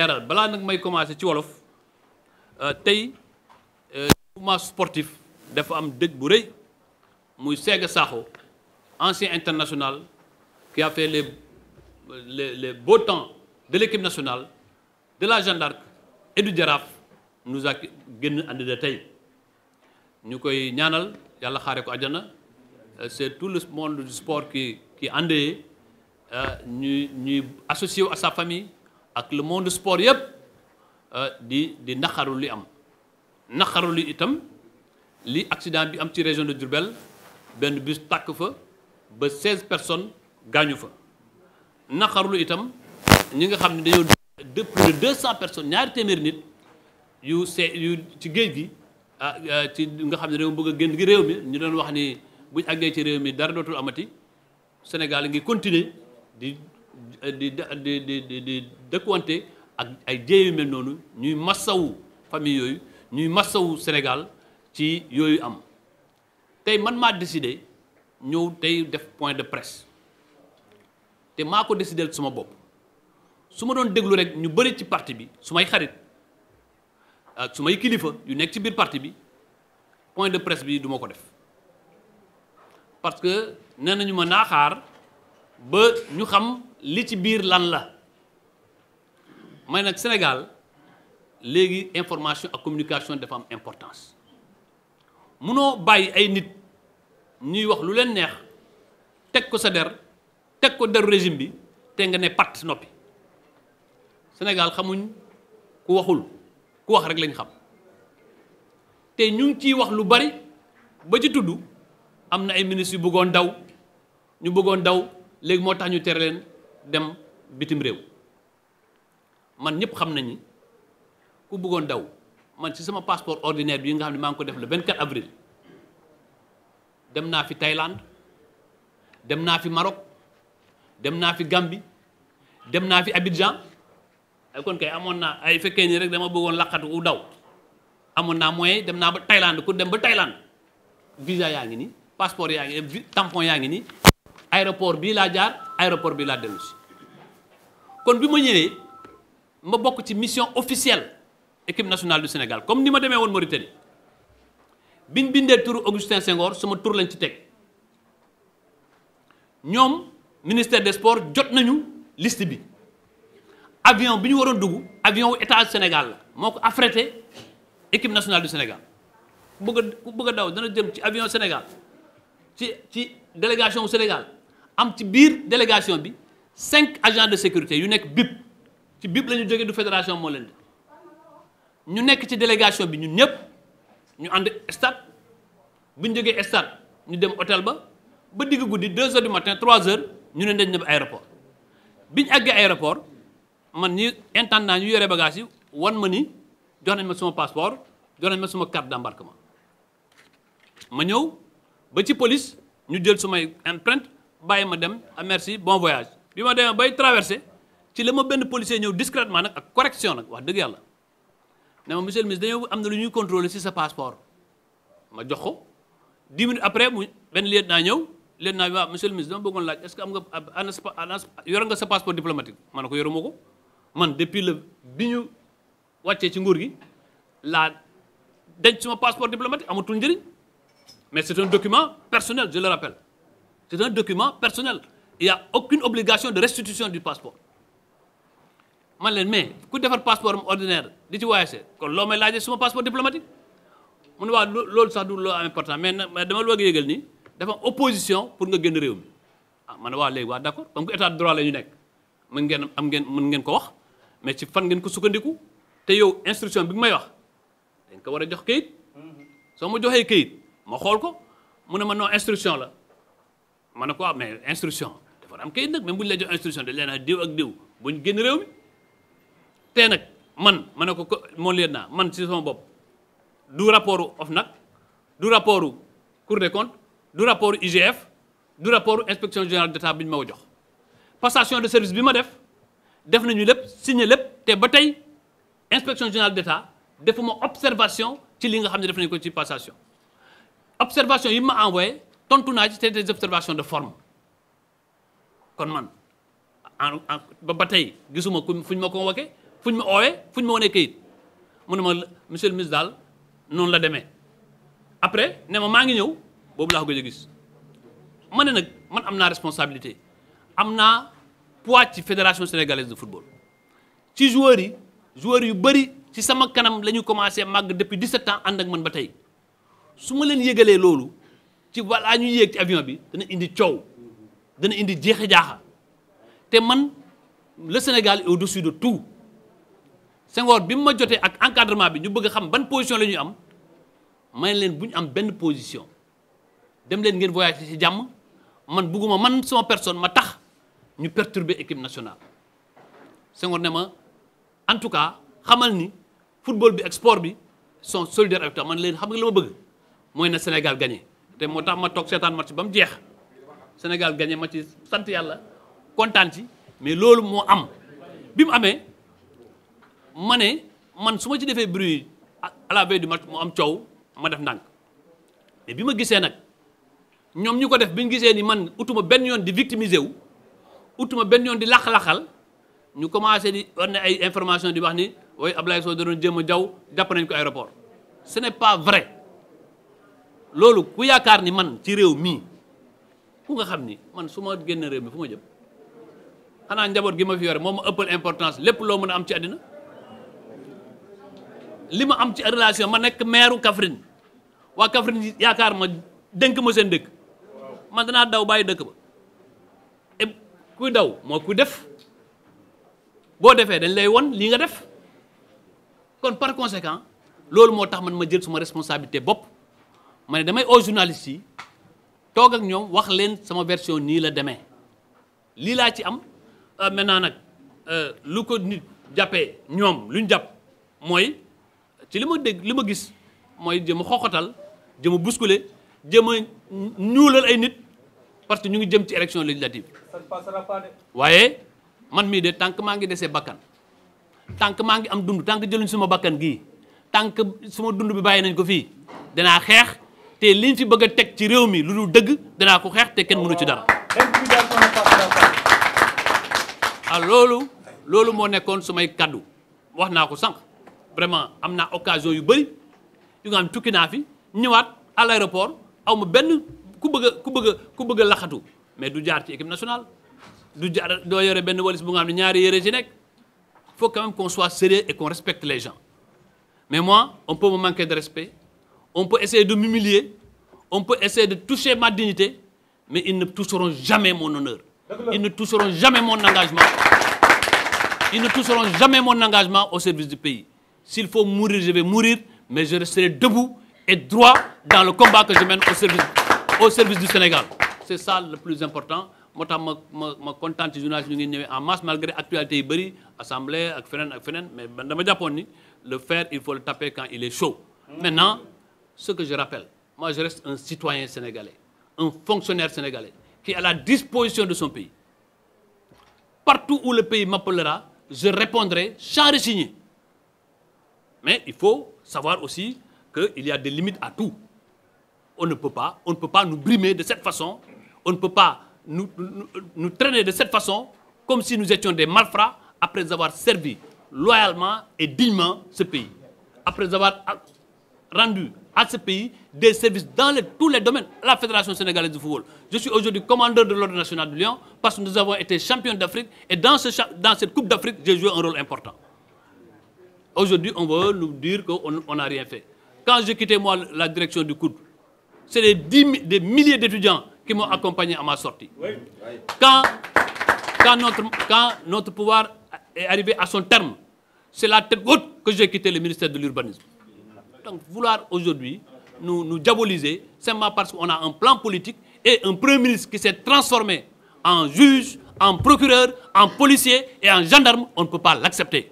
leeral balaa nag may commencer ci wolof euh, tey euh, mouvement sportif dafa am dëj bu rëy muy Sega Sakho ancien international qui a fait les les les beaux temps de l'équipe nationale de la Jeanne d'Arc et du Jaraaf nous a génn àddina tey ñu koy ñaanal yàlla xaare ko àjjana euh, c'est tout le monde du sport qui qui endeuillé ñuy ñuy associé à sa famille ak le monde sport yëpp euh, di di naqaru li am naqaru li itam li accident bi am ci région de Diourbel benn bus tàkk fa ba 16 personnes gaañu fa naqaru lu itam ñi nga xam ne dañoo de plus de 200 personnes ñaari téeméeri nit yu see yu ci géej gi ah euh, ci nga xam ne dañoo bëgg a génn gi réew mi ñu doon wax ni buñ àggee ci réew mi dara dootul amati Sénégal ngi continuer di di di di di dëkkuwante ak ay jéey yu mel noonu ñuy massawu famille yooyu ñuy massawu Sénégal ci yooyu am tey man maa décidé ñëw tey def point de presse te maa ko décidé suma bopp su ma doon déglu rek ñu bëri ci parti bi sumay xarit ak su may kilifa yu nekk ci biir parti bi point de presse bi duma ko def parce que nee nañu ma naa ba ñu xam li ci biir lan la may nag Sénégal léegi information ak communication dafa am importance mënoo bàyyi ay nit ñuy wax lu leen neex teg ko sa der teg ko deru régime bi te nga ne pat noppi Sénégal xamuñ ku waxul ku wax rek lañ xam te ñu ngi ciy wax lu bari ba ci tudd am na ay ministres yu bëggoon daw ñu bëggoon daw léegi moo tax ñu tere leen dem bitim réew man ñëpp xam nañu ku bëggoon daw man ci sama passeport ordinaire bi nga xam ne maa ngi ko def le 24 avril dem naa fi Thaïlande dem naa fi Maroc dem naa fi Gambie dem naa fi Abidjan ay kon kay amoon naa ay fekkee nii rek dama bëggoon laqatu u daw amoon naa moyen dem naa ba Thaïlande ku dem ba Thaïlande visa yaa ngi nii passeport yaa ngi nii tampon yaa ngi nii. aéroport bii laa jaar aéroport bii laa dellu si kon bi ma ñëwee ma bokk ci mission officielle équipe nationale du Sénégal comme ni ma demee woon Mauritanie biñ bindee tur Augustin Senghor sama tur lañ ci teg ñoom ministère de sports jot nañu liste bi avion bi ñu waroon dugg avion wu état Sénégal moo ko affrété équipe nationale du Sénégal ku bëgg ku bëgg daw dana jëm ci avion Sénégal ci ci délégation wu Sénégal am ci biir délégation bi cinq agents de sécurité yu nekk BIP ci BIP lañu ñu jógee du fédération moo leen di ñu nekk ci délégation bi ñun ñëpp ñu ànd stade bu ñu jógee stade ñu dem hôtel ba ba digg guddi deux heures du matin trois heures ñu ne dañ dem aéroport bi ñu àggee aéroport man ñi intendant ñu yore bagage yi wan ma ni jox nañ ma suma passeport jox nañ ma suma carte d'embarquement ma ñëw ba ci police ñu jël sumay empreinte bàyyi ma dem ah merci bon voyage bi ma demee bay traverse ci la ma benn policier ñëw discrètement nag ak correction nag wax dëgg yàlla na ma monsieur le ministre dañoo am na lu ñuy contrôler ci sa passeport ma jox ko dix minutes après mu benn naa ñëw lieutenant naa ah, waaw monsieur le ministre dama bëggoon laaj est-ce am nga ana ah, yor nga sa passeport diplomatique ma ne ko yoruma ko man depuis le bi ñu wàccee ci nguur gi laa denc suma passeport diplomatique amatul njëriñ mais c'est un document personnel je le rappelle C'est un document personnel. Il n'y a aucune obligation de restitution du passeport. man leen mais ku defar passeport ordinaire di ci waaye see kon loo may laajee suma passeport diplomatique mun ne waa loolu sax du loo am important mais dama la bëgg yëgal ni dafa am opposition pour nga génn réew mi ah man waa léegi waa d' accord comme état de droit la ñu nekk mën ngeen am ngeen mën ngeen ko wax mais ci fan ngeen ko sukkandiku te yow instruction bi may wax dañ ko war a jox kayit mm-hmm. soo ma joxee kayit ma xool ko mu ne ma non instruction la ma ko am ah, mais instruction dafa am kayit nag même bu ñu la jox instruction dañ leen a diw ak diw bu ñu mi te nag man ma ne ko moom leen naa man si sama bopp du rapport nag du rapport Cour des comptes du rapport IGF du rapport inspection générale d'État bi ñu ma jox passation de service bi ma def def nañu lépp signe lépp te ba tey inspection générale d'État defuma observation ci li nga xam ne def nañu ko ci passation observation yi ma envoyé tontu naa ci te des observations de forme kon man en ba ba tey gisuma fuñ ma convoqué fuñ ma fuñ ma wanee kayit mu ne ma monsieur le ministre daal noonu la demee après ne ma maa ngi ñëw boobu laa ko gëj gis ma ne nag man am naa responsabilité am naa poids ci fédération sénégalaise de football ci joueurs yi joueurs yu bëri ci sama kanam lañu ñu commencé màgg depuis sept ans ànd ak man ba tey su ma leen yëgalee loolu ci balaa ñu yéeg ci avion bi dana indi coow dana indi jeexa jaaxa te man le Sénégal est au-dessus de tout bi mu ma jotee ak encadrement bi ñu bëgg a xam ban position la ñuy am man leen bu ñu am benn position dem leen ngeen voyage si jàmm man bugguma man sama personne ma tax ñu perturber équipe nationale Senghor ne ma en tout cas xamal ni football bi ak bi sont solidaires avec toi man leen xam nga la ma bëgg mooy na Sénégal gagné te moo tax ma toog seetaan match ba mu jeex Sénégal gagné ma ci sant yàlla kontaan ci mais loolu moo am bi mu amee ma ne man su ma ci defee bruit à la veille du match mu am coow ma def ndànk mais bi ma gisee nag ñoom ñu ko def bi ñu gisee ni man utuma benn yoon di victimiser wu utuma benn yoon di lax-laxal ñu commencé di war ne ay information di wax ni wooy Ablaye Sow da doon jaw jàpp nañ ko aéroport ce n'est pas vrai loolu ku yaakaar ni man ci réew mii ku nga xam ni man su ma génn réew mi fu ma jëm xanaa njaboot gi ma fi yore moo ma ëppal importance lépp loo mën a am ci àddina li ma am ci relation ma nekk maire Kaffrine waa Kaffrine yaakaar ma dénk ma seen dëkk man danaa daw bàyyi dëkk ba et kuy daw moo kuy def boo defee dañ lay won lii nga def kon par conséquent loolu moo tax man ma jël suma responsabilité bopp ma damay oo journaliste yi toog ak ñoom wax leen sama version nii la demee lii laa ci am euh, naa nag euh, lu ko nit jàppee ñoom lu ñu jàpp mooy ci li ma dégg li ma gis mooy jëm a xoxotal jëm a bousculer jëm a ñuulal ay nit parce que ñu ngi jëm ci élection législative waaye man mii de tànk maa ngi desee bakkan tant maa ngi am dund tànk que jëluñ suma bakkan gii tant suma dund bi bàyyi nañ ko fii danaa xeex te liñ fi bëgg a teg ci réew mi lu dul dëgg danaa ko xeex te kenn mënu ci dara ah loolu loolu moo nekkoon sumay kàddu wax naa ko sànq vraiment am naa occasion yu bëri yu nga xam tukki naa fi ñëwaat à l'aéroport aw ma benn ku bëgg ku bëgg ku bëgg a laxatu mais du jaar ci équipe nationale du jaar doo yore benn walis bu nga xam ñaari yére ci nekk faut quand même qu'on soit sérieux et qu'on respecte les gens mais moi on peut me manquer de respect on peut essayer de m'humilier on peut essayer de toucher ma dignité mais ils ne toucheront jamais mon honneur ils ne toucheront jamais mon engagement ils ne toucheront jamais mon engagement au service du pays s'il faut mourir je vais mourir mais je resterai debout et droit dans le combat que je mène au service au service du Sénégal c'est ça le plus important moo tax ma ma ma kontaan ci ñu ngi ñëwee en masse malgré actualité yi bëri assemblée ak feneen ak feneen mais man dama jàppoon ni le fair il faut le taper quand ce que je rappelle, moi je reste un citoyen sénégalais, un fonctionnaire sénégalais, qui est à la disposition de son pays. Partout où le pays m'appellera, je répondrai sans résigner. Mais il faut savoir aussi qu'il y a des limites à tout. On ne peut pas, on ne peut pas nous brimer de cette façon, on ne peut pas nous, nous, nous traîner de cette façon, comme si nous étions des malfrats après avoir servi loyalement et dignement ce pays, après avoir rendu à ce pays des services dans les, tous les domaines à la Fédération sénégalaise de football. Je suis aujourd'hui commandeur de l'Ordre national du Lion parce que nous avons été champions d'Afrique et dans, ce, cette Coupe d'Afrique, j'ai joué un rôle important. Aujourd'hui, on veut nous dire qu'on n'a rien fait. Quand j'ai quitté moi la direction du CUD, c'est des, des, milliers d'étudiants qui m'ont accompagné à ma sortie. Quand, notre, pouvoir est arrivé à son terme, c'est la tête haute que j'ai quitté le ministère de Donc vouloir aujourd'hui nous, nous diaboliser, simplement parce qu'on a un plan politique et un Premier ministre qui s'est transformé en juge, en procureur, en policier et en gendarme, on ne peut pas l'accepter.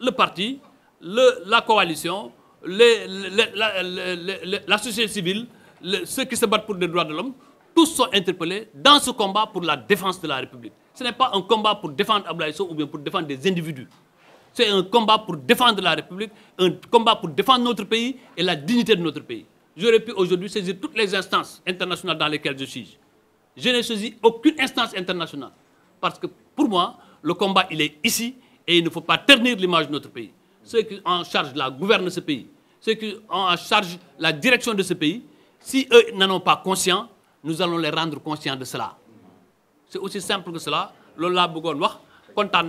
le parti, le, la coalition, les, les, la, les, la, société civile, ceux qui se battent pour les droits de l'homme, tous sont interpellés dans ce combat pour la défense de la République. Ce n'est pas un combat pour défendre Ablaïso ou bien pour défendre des individus. c'est un combat pour défendre la République, un combat pour défendre notre pays et la dignité de notre pays. J'aurais pu aujourd'hui saisir toutes les instances internationales dans lesquelles je suis. Je n'ai saisi aucune instance internationale. Parce que pour moi, le combat, il est ici et il ne faut pas ternir l'image de notre pays. Ceux qui en charge la gouverne de ce pays, ceux qui en charge la direction de ce pays, si eux n'en ont pas conscience, nous allons les rendre conscients de cela. C'est aussi simple que cela. Lola Bougon, content